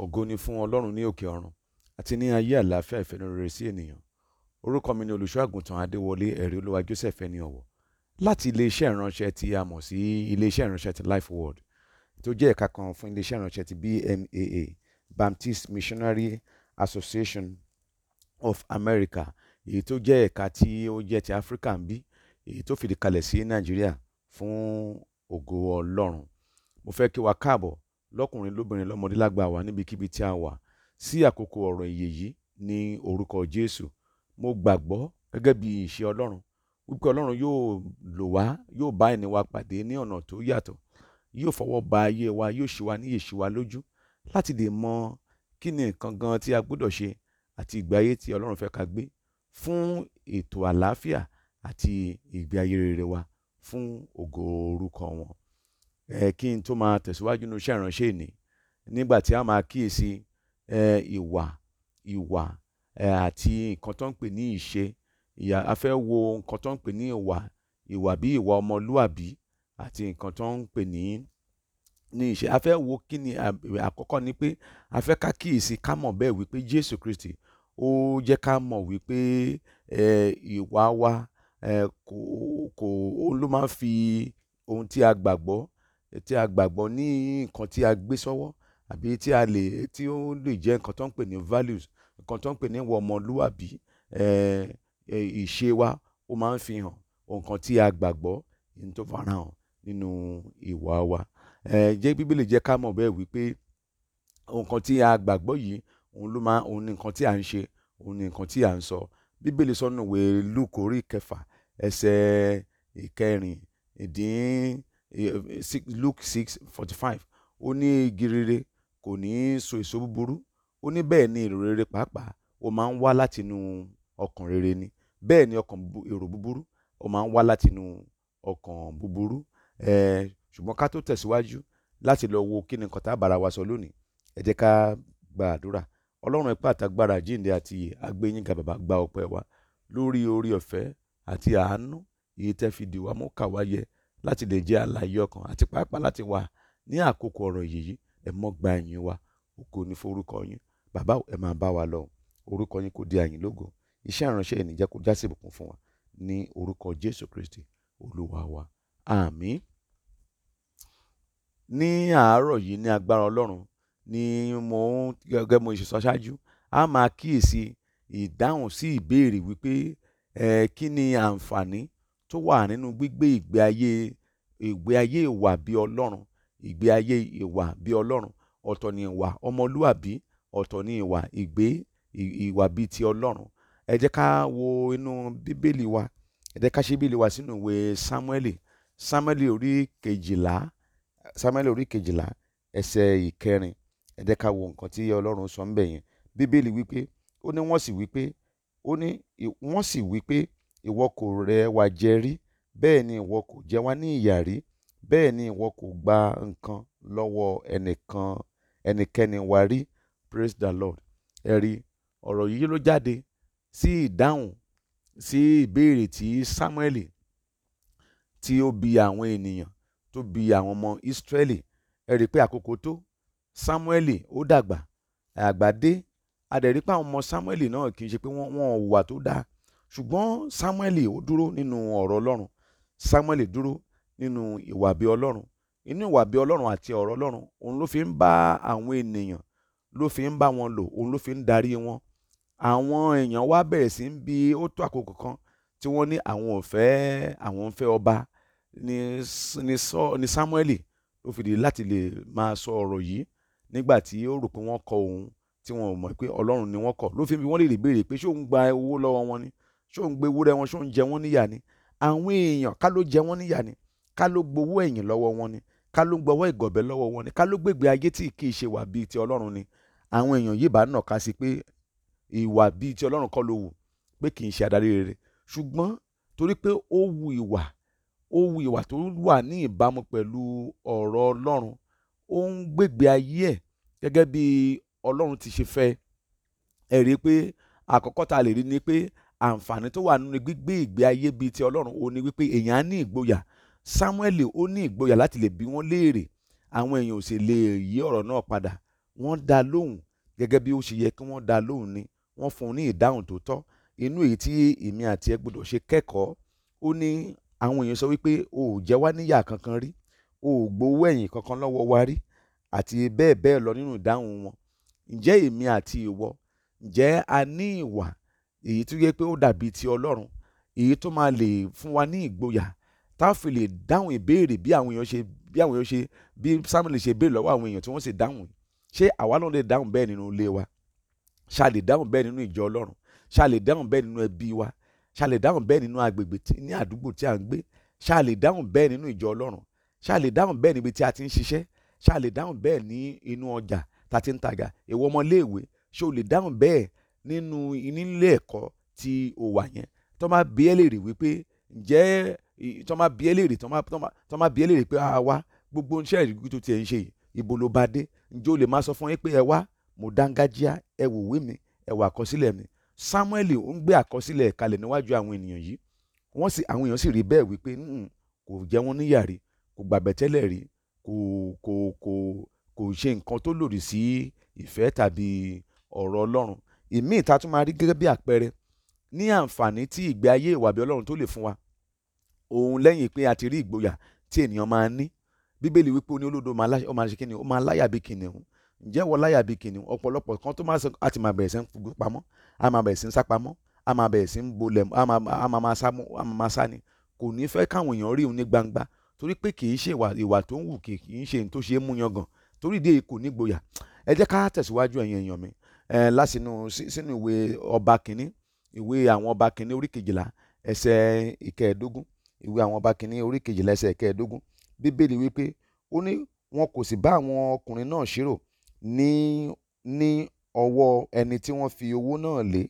ògo ni fún ọlọ́run ní òkè ọ̀run àti ní ayé àlàáfíà ìfẹ́nurere sí ènìyàn orúkọ mi ni olùṣọ́àgùntàn adéwọlé ẹ̀rí olúwa joseph ẹni ọ̀wọ̀ láti iléeṣẹ́ ìránṣẹ́ tí a mọ̀ sí iléeṣẹ́ ìránṣẹ́ ti life world tó jẹ́ ẹ̀ka kan fún iléeṣẹ́ ìránṣẹ́ ti bmaa baptist missionary association of america èyí tó jẹ́ ẹ̀ka tí ó jẹ́ ti africa ń bí èyí tó fìdí kalẹ̀ sí nàìjíríà fún ògo ọlọ́run mo fẹ́ kí wa káàbọ̀ lọ́kùnrin lóbìnrin lọ́mọdé lágbà wá níbikíbi tí a wà sí àkókò ọ̀rọ̀ ìyè yìí ní orúkọ Jésù mo gbàgbọ́ gẹ́gẹ́ bí ìṣe Ọlọ́run wípé Ọlọ́run yóò lò wá yóò bá ẹni wa pàdé ní ọ̀nà tó yàtọ̀ yóò fọwọ́ ba ayé wa yóò ṣì wá ní èṣì wa lójú láti lè mọ kí ni nǹkan gan tí a gbọ́dọ̀ ṣe àti ìgbé ayé tí Ọlọ́run fẹ́ ká gbé fún ètò àlàáfíà àti ìgbé ayé rere wa fún ògo orúkọ wọn kí n tó máa tẹ̀síwájú nínú iṣẹ́ ìránṣẹ́ ìní nígbà tí a máa kíyèsí ìwà ìwà àti nǹkan tó ń pè ní ìṣe ìyá a fẹ́ wo nǹkan tó ń pè ní ìwà ìwà bí ìwà ọmọlúàbí àti nǹkan tó ń pè ní ní ìṣe a fẹ́ wo kí ni àkọ́kọ́ ni pé a fẹ́ ká kíyèsí ká mọ̀ bẹ́ẹ̀ wípé Jésù Kristi ó jẹ́ ká mọ̀ wípé ìwà wa kò ó ló máa ń fi ohun tí a gbàgbọ́ tí a gbàgbọ́ ní nǹkan tí a gbé sọ́wọ́ àbí tí a lè tí ó lè jẹ́ nǹkan tó ń pè ní values nǹkan tó ń pè ní ìwà ọmọlúwàbí ìṣe wa ó máa ń fi hàn nǹkan tí a gbàgbọ́ tó fara nínú ìwà wa jẹ́ bíbélì jẹ́ ká mọ̀ bẹ́ẹ̀ wípé nǹkan tí a gbàgbọ́ yìí òun ló máa òun ni nǹkan tí a ń ṣe òun ni nǹkan tí a ń sọ bíbélì sọnù wèé lùkórí kẹfà ẹsẹ̀ ìkẹrìndínlẹ́ Luke eh, eh, six forty five ó ní igi rere kò ní í so èso búburú ó ní bẹ́ẹ̀ ni èrò rere pàápàá ó máa ń wá látinú ọkàn rere ni bẹ́ẹ̀ ni ọkàn èrò búburú ó máa ń wá látinú ọkàn búburú ṣùgbọ́n ká tó tẹ̀síwájú láti lọ wo kí ni nǹkan tá a bára wa sọ lónìí ẹ jẹ́ ká gba àdúrà ọlọ́run ipá àtàgbára jíǹde àti agbẹ́yìnká bàbá gba ọpẹ́ wa lórí oore ọ̀fẹ́ àti àánú èyí tẹ́ fi dì mú kà láti lè jẹ́ alààyè ọkàn àti pàápàá láti wà ní àkókò ọ̀rọ̀ yìí ẹ mọ́ gba ẹ̀yìn wa ògo ní forúkọ yín bàbá ẹ máa bá wa lọ orúkọ yín kò di àyìn lógo iṣẹ́ ìránṣẹ́ yìí nìjẹ́ kó jásí ìbùkún fún wa ní orúkọ Jésù Kristi olúwa wa àmín ní àárọ̀ yìí ní agbára ọlọ́run ni mo ń gẹ́gẹ́ mo ṣe sọ ṣáájú a máa kíyèsí ìdáhùn sí ìbéèrè wípé kí ni àǹfààní tó wà nínú gbígbé ìgbé ayé ìgbé ayé ìwà bí ọlọ́run ìgbé ayé ìwà bí ọlọ́run ọ̀tọ̀ ni ìwà ọmọlúàbí ọ̀tọ̀ ni ìwà ìgbé ìwà bíi ti ọlọ́run ẹ jẹ́ ká wo inú bíbélì wa ẹ jẹ́ ká ṣí bíbélì wa sínú ìwé sámúẹ́lì sámúẹ́lì orí kejìlá sámúẹ́lì orí kejìlá ẹsẹ̀ ìkẹrin ẹ jẹ́ ká wo nǹkan tí ọlọ́run sọ ń bẹ̀ bíbélì wípé ó ní wọ́n sì wípé ó ní wọ́n sì wípé ìwọ kò rẹ̀ wá jẹ rí bẹ́ẹ̀ ni ìwọ kò jẹ wá ní ìyà rí bẹ́ẹ̀ ni ìwọ kò gba nǹkan lọ́wọ́ ẹnìkan ẹnikẹ́ni wa rí praise the lord ẹ̀rí ọ̀rọ̀ yìí ló jáde sí ìdáhùn sí ìbéèrè tí samueli tí ó bi àwọn ènìyàn tó bi àwọn ọmọ israeli ẹ̀rí pé àkókò tó Samuel. ó dàgbà àgbà dé adẹ̀rí pé àwọn ọmọ samueli náà kì í ṣe pé wọ́n wọ́n hùwà tó dáa ṣùgbọ́n Sámúẹ́lì ó dúró nínú ọ̀rọ̀ Ọlọ́run Sámúẹ́lì dúró nínú ìwàbí Ọlọ́run inú ìwàbí Ọlọ́run àti ọ̀rọ̀ Ọlọ́run òun ló fi ń bá àwọn ènìyàn ló fi ń bá wọn lò òun ló fi ń darí wọn àwọn èèyàn wá bẹ̀rẹ̀ sí ń bi ó tó àkókò kan tí wọ́n ní àwọn ò àwọn ń ọba ni ni sọ ni Sámúẹ́lì ló fìdí láti lè máa sọ ọ̀rọ̀ yìí nígbà tí ó rò pé wọ́n kọ̀ òun tí wọn ò mọ̀ pé Ọlọ́run ni wọ́n kọ̀ ló fi ń bi wọ́n lè béèrè pé ṣé òun gba owó lọ́wọ́ wọn ni ṣó ń gbé ewúrẹ́ wọn ṣó ń jẹ wọ́n níyà ni àwọn èèyàn ká ló jẹ wọ́n níyà ni ká ló gbowó ẹ̀yìn lọ́wọ́ wọn ni ká ló ń gbowó ìgọ̀bẹ lọ́wọ́ wọn ni ká ló gbègbè ayé tí kì í ṣe wà bíi ti ọlọ́run ni àwọn èèyàn yìí bá nàka sí pé ìwà bíi ti ọlọ́run kọ́ ló wù pé kì í ṣe adarí rere ṣùgbọ́n torí pé ó wu ìwà ó wu ìwà tó wà ní ìbámu pẹ̀lú ọ̀rọ̀ ọlọ́run ó ń gbègbè ayé ẹ̀ gẹ́gẹ́ bí ọlọ́run ti ṣe fẹ́ ẹ̀ rí pé àkọ́kọ́ tá lè rí ni pé àǹfààní tó wà nínú gbígbé ìgbé ayé bíi ti ọlọ́run ó ní wípé èèyàn á ní ìgboyà Sámúẹ́lì ó ní ìgboyà láti lè bí wọ́n léèrè àwọn èèyàn ò sì lè yí ọ̀rọ̀ náà padà wọ́n dá lóhùn gẹ́gẹ́ bí ó ṣe yẹ kí wọ́n dá lóhùn ni wọ́n fún un ní ìdáhùn tó tọ́ inú èyí tí èmi àti ẹ gbọdọ̀ ṣe kẹ́kọ̀ọ́ ó ní àwọn èèyàn sọ wípé o ò jẹ wá níyà kankan rí o ò gbowó ẹ̀yìn kankan lọ́wọ́ wa rí àti bẹ́ẹ̀ bẹ́ẹ̀ lọ nínú ìdáhùn wọn ǹjẹ́ èmi àti ìwọ ǹjẹ́ a ní ìwà èyí tó yẹ pé ó dàbí ti ọlọ́run èyí tó máa lè fún wa ní ìgboyà tá a fi lè dáhùn ìbéèrè bí àwọn èèyàn ṣe bí àwọn èèyàn ṣe bí Samuel ṣe béèrè lọ́wọ́ àwọn èèyàn tí wọ́n sì dáhùn ṣé àwa náà lè dáhùn bẹ́ẹ̀ nínú ilé wa ṣá lè dáhùn bẹ́ẹ̀ nínú ìjọ ọlọ́run ṣá lè dáhùn bẹ́ẹ̀ nínú ẹbí wa ṣá lè dáhùn bẹ́ẹ̀ nínú agbègbè ní àdúgbò tí à ń gbé ṣá lè dáhùn bẹ́ẹ̀ nínú ìjọ ọlọ́run ṣá lè dáhùn bẹ́ẹ̀ níbi tí a ti ń ṣiṣẹ́ ṣá lè dáhùn bẹ́ẹ̀ ní inú ọjà tá a ti ń tajà ìwọ ọmọléèwé ṣó lè dáhùn bẹ́ẹ̀ nínú nílé ẹ̀kọ́ tí o wà yẹn tó máa bi ẹ́ léèrè wípé ǹjẹ́ tó máa bi ẹ́ léèrè tó máa bi ẹ́ léèrè pé a wá gbogbo iṣẹ́ ìrìgbì tó tiẹ̀ ń ṣe yìí ibo ló bá dé ǹjẹ́ o lè máa sọ fún yín pé ẹ wá mo dángájíá ẹ wò wí mi ẹ wò àkọsílẹ̀ mi Samuel ń gbé àkọsílẹ̀ kalẹ̀ níwájú àwọn ènìyàn yìí wọ́n sì àwọn èèyàn sì rí bẹ́ẹ̀ wípé hmm, kò jẹ́ wọn níyà rí kò gbàbẹ̀tẹ́lẹ̀ rí kò kò kò kò ṣe nǹkan tó lòdì sí ìfẹ́ tàbí ọ̀rọ̀ Ọlọ́run ìmíì ta tún máa rí gẹ́gẹ́ bí àpẹẹrẹ ní àǹfààní tí ìgbé ayé ìwàbí ọlọ́run tó lè fún wa òun lẹ́yìn pé a ti rí ìgboyà tí ènìyàn máa ní bíbélì wípé ó ní olódo ó máa ṣe kíni ó máa láyà bí kìnìún ǹjẹ́ wọ́n láyà bí kìnìún ọ̀pọ̀lọpọ̀ kan tó máa sọ àti máa bẹ̀rẹ̀ sí ń fúgbó pamọ́ a máa bẹ̀rẹ̀ sí ń sá pamọ́ a máa bẹ̀rẹ̀ sí ń bolẹ̀ a máa a máa sá ni kò ní fẹ́ káwọn èèyàn rí òun ní gbangba torí pé kì í ṣe ìwà tó ń wù kì í ṣe tó ṣe é mú yangàn torí ìdí kò ní gboyà ẹ jẹ́ ká tẹ̀síwájú ẹ̀yin èèyàn mi látinú sínú ìwé ọba kìíní ìwé àwọn ọba kìíní orí kejìlá ẹsẹ̀ ìkẹẹ̀ẹ́dógún ìwé àwọn ọba kìíní orí kejìlá ẹsẹ̀ ìkẹẹ̀ẹ́dógún bíbélì wípé ó ní wọn kò sì bá àwọn ọkùnrin náà ṣírò ní ní ọwọ́ ẹni tí wọ́n fi owó náà lé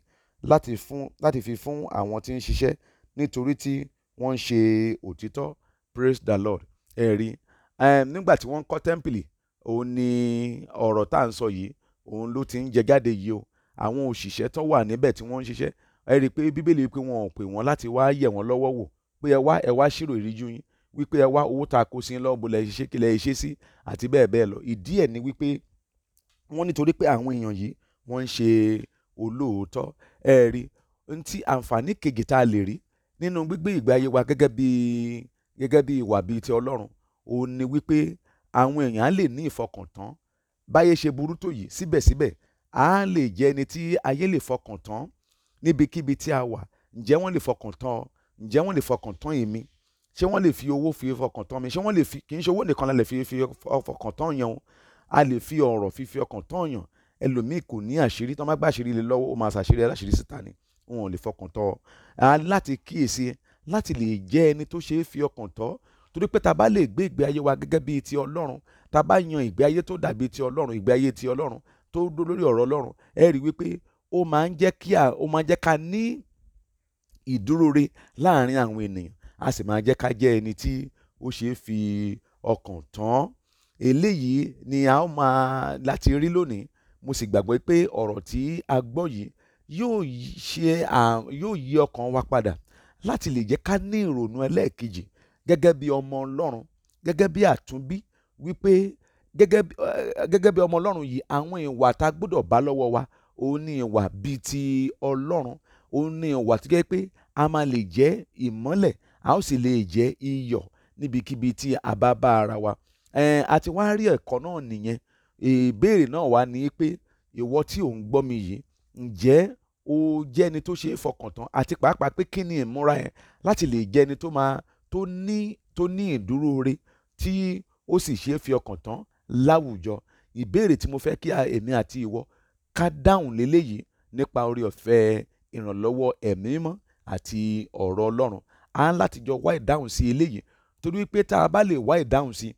láti fún láti fi fún àwọn tí ń ṣiṣẹ́ nítorí tí wọ́n ń ṣe òtítọ́ praise the lord ẹ̀rí nígbà tí wọ́n ń kọ́ tẹ́ḿpìlì òun ni ọ̀rọ̀ tá à ń sọ yìí òun ló ti ń jẹ jáde yìí o àwọn òṣìṣẹ́ tó wà níbẹ̀ tí wọ́n ń ṣiṣẹ́ ẹ rí i pé bíbélì pé wọn ò pè wọ́n láti wá yẹ̀ wọ́n lọ́wọ́ wò pé ẹ wá ẹ wá ṣírò ìríjú yín wípé ẹ wá owó tá a kó sí yín lọ́wọ́ bó lẹ ṣe kí lẹ ṣe sí àti bẹ́ẹ̀ bẹ́ẹ̀ lọ ìdí ẹ̀ ni wípé wọ́n nítorí pé àwọn èèyàn yìí wọ́n ń ṣe olóòótọ́ ẹ rí n tí àǹfààní kejì tá a lè rí nínú gbígbé ìgbé ayé wa gẹ́gẹ́ bí gẹ́gẹ́ bí ìwà bíi ti ọlọ́run òun ni wípé àwọn èèyàn á lè ní ìfọkàntán báyé ṣe burú tó yìí síbẹ̀síbẹ̀ a lè jẹ́ ẹni tí ayé lè fọkàn tán níbikíbi tí a wà ǹjẹ́ wọ́n lè fọkàn tán ọ ǹjẹ́ wọ́n lè fọkàn tán èmi ṣé wọ́n lè fi owó fi fọkàn tán mi ṣé wọ́n lè fi kì í ṣe owó nìkan la fi fọkàn tán yẹn o a lè fi ọ̀rọ̀ fífi ọkàn tán yàn ẹlòmíì kò ní àṣírí tán bá gbà àṣírí lé lọ́wọ́ ó máa ṣàṣírí aláṣírí síta ni wọn ò lè fọkàn tán ọ láti kíyèsí láti lè jẹ́ ẹni tó ṣeé fi ọkàn tán torí pé ta bá lè gbé ìgbé ayé wa gẹ́gẹ́ bíi ti Ọlọ́run tá a bá yan ìgbé ayé tó dàbí ti ọlọ́run ìgbé ayé ti ọlọ́run tó dó lórí ọ̀rọ̀ ọlọ́run ẹ rí wípé ó máa ń jẹ́ kí a ó máa ń jẹ́ ká ní ìdúróre láàrin àwọn ènìyàn a sì máa jẹ́ ká jẹ́ ẹni tí ó ṣe é fi ọkàn tán eléyìí ni a ó máa láti rí lónìí mo sì gbàgbọ́ pé ọ̀rọ̀ tí a gbọ́ yìí yóò ṣe yóò yí ọkàn wa padà láti lè jẹ́ ká ní ìrònú ẹlẹ́ẹ̀kejì gẹ́gẹ́ bí ọmọ ọlọ́run gẹ́gẹ́ bí àtúnbí wípé gẹ́gẹ́ gẹ́gẹ́ bí ọmọ ọlọ́run yìí àwọn ìwà tá a gbọ́dọ̀ bá lọ́wọ́ wa òun ní ìwà bíi ti ọlọ́run òun ní ìwà tó jẹ́ pé a máa lè jẹ́ ìmọ́lẹ̀ a ó sì lè jẹ́ iyọ̀ níbikíbi tí a bá bá ara wa a ti wá rí ẹ̀kọ́ náà nìyẹn ìbéèrè náà wá ní pé ìwọ tí ò ń gbọ́ mi yìí ǹjẹ́ ó jẹ́ ẹni tó ṣe é fọkàn tán àti pàápàá pé kí ni ìmúra ẹ̀ láti lè jẹ́ ẹni tó ní tó tí ó sì ṣeé fi ọkàn tán láwùjọ ìbéèrè tí mo fẹ́ kí èmi àti ìwọ ká dáhùn léléyìí nípa orí ọ̀fẹ́ ìrànlọ́wọ́ ẹ̀mí mímọ́ àti ọ̀rọ̀ ọlọ́run a ń láti jọ wá ìdáhùn sí eléyìí torí pé tá a bá lè wá ìdáhùn sí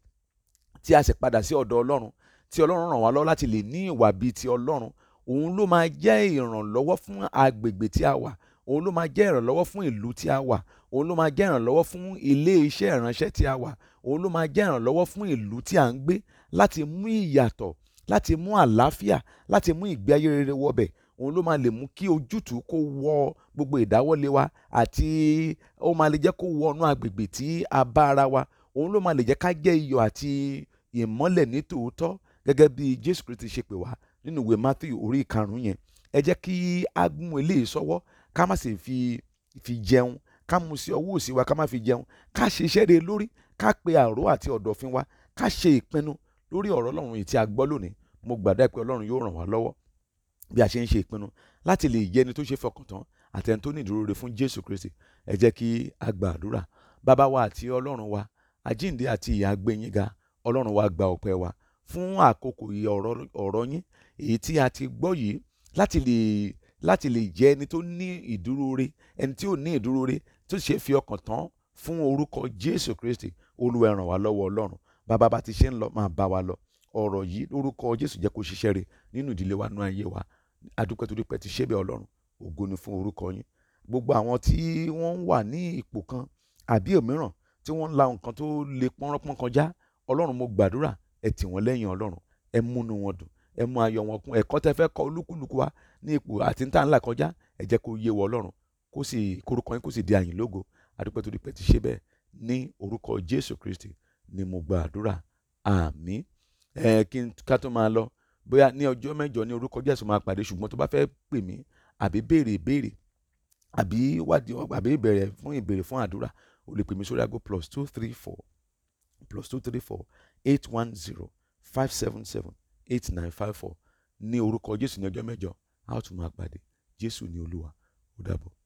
tí a sì padà sí ọ̀dọ̀ ọlọ́run tí ọlọ́run ràn wá lọ́wọ́ láti lè ní ìwà bíi ti ọlọ́run òun ló máa jẹ́ ìrànlọ́wọ́ fún agbègbè tí a wà òun ló máa jẹ́ ìrànlọ́wọ́ fún ìlú tí a wà òun ló máa jẹ́ ìrànlọ́wọ́ fún ilé iṣẹ́ ìránṣẹ́ tí a wà òun ló máa jẹ́ ìrànlọ́wọ́ fún ìlú tí à ń gbé láti mú ìyàtọ̀ láti mú àlàáfíà láti mú ìgbé ayé rere wọbẹ̀ òun ló máa lè mú kí ojútùú kó wọ gbogbo ìdáwọ́lé wa àti ó máa lè jẹ́ kó wọ inú agbègbè tí a bá ara wa òun ló máa lè jẹ́ ká jẹ́ iyọ̀ àti ìmọ́lẹ̀ ní tòótọ́ gẹ́gẹ́ bí Jésù Kristi ṣe pè wá nínú ìwé Matthew orí ìkarùn-ún yẹn ẹ jẹ́ kí a mú eléyìí sọ́wọ́ ká má sì fi fi jẹun ká mu sí ọwọ́ òsì wa ká má fi jẹun ká ṣe iṣẹ́ rere lórí ká pe àrò àti ọ̀dọ̀fin wa ká ṣe ìpinnu lórí ọ̀rọ̀ ọlọ́run èyí tí a gbọ́ lónìí mo gbàdá pé ọlọ́run yóò ràn wá lọ́wọ́ bí a ṣe ń ṣe ìpinnu láti lè jẹ́ ẹni tó ṣe fọkàntán àti ẹni tó ní ìdúró re fún jésù kristi ẹ jẹ́ kí a gba àdúrà bàbá wa àti ọlọ́run wa àjíǹde àti ìyá gbẹ̀yìnga ọlọ́run wa gba ọpẹ́ wa fún àkókò ọ̀rọ̀ yín èyí tí a ti gbọ́ yìí láti lè láti lè jẹ́ ẹni tó ní ìdúró re ẹni tí ò ní ìdúró re tó ṣe fi ọkàn tán fún orúkọ Jésù Kristi Olúwa ẹ ràn wá lọ́wọ́ Ọlọ́run bàbá bá ti ṣe ń lọ máa bá wa lọ ọ̀rọ̀ yìí lórúkọ Jésù jẹ́ kó ṣiṣẹ́ re nínú ìdílé wa nú ayé wa adúpẹ́ torí pẹ́ ti ṣe bẹ́ẹ̀ Ọlọ́run ògo ni fún orúkọ yín gbogbo àwọn tí wọ́n wà ní ipò kan àbí òmíràn tí wọ́n ń la nǹkan tó le pọ́nrọ́pọ́n kọjá Ọlọ́run mo gbàdúrà ẹ tì wọ́n lẹ́yìn Ọlọ́run ẹ múnú wọn dùn ẹ mú ayọ̀ wọn kún ẹ̀kọ́ tẹ fẹ́ kọ́ olúkúlùkù wa ní ipò àti níta ńlá kọjá ẹ jẹ́ kó yé wọ ọlọ́run kó sì korúkọ yín kó sì di àyìn lógo adúpẹ́ torí pé ti ṣe bẹ́ẹ̀ ní orúkọ jésù kristi ni mo gba àdúrà àmín ẹ kí n ká tó máa lọ bóyá ní ọjọ́ mẹ́jọ ní orúkọ jésù máa pàdé ṣùgbọ́n tó bá fẹ́ pè mí àbí béèrè ìbéèrè àbí wádìí àbí ìbẹ̀rẹ̀ fún ìbéèrè fún àdúrà o lè pè mí sórí ago plus two three four plus two three four eight one zero five seven seven eight nine five four ní orúkọ jésù ní ọjọ́ mẹ́jọ a ó tún máa pàdé Jésù ní Olúwa ó dàbọ̀.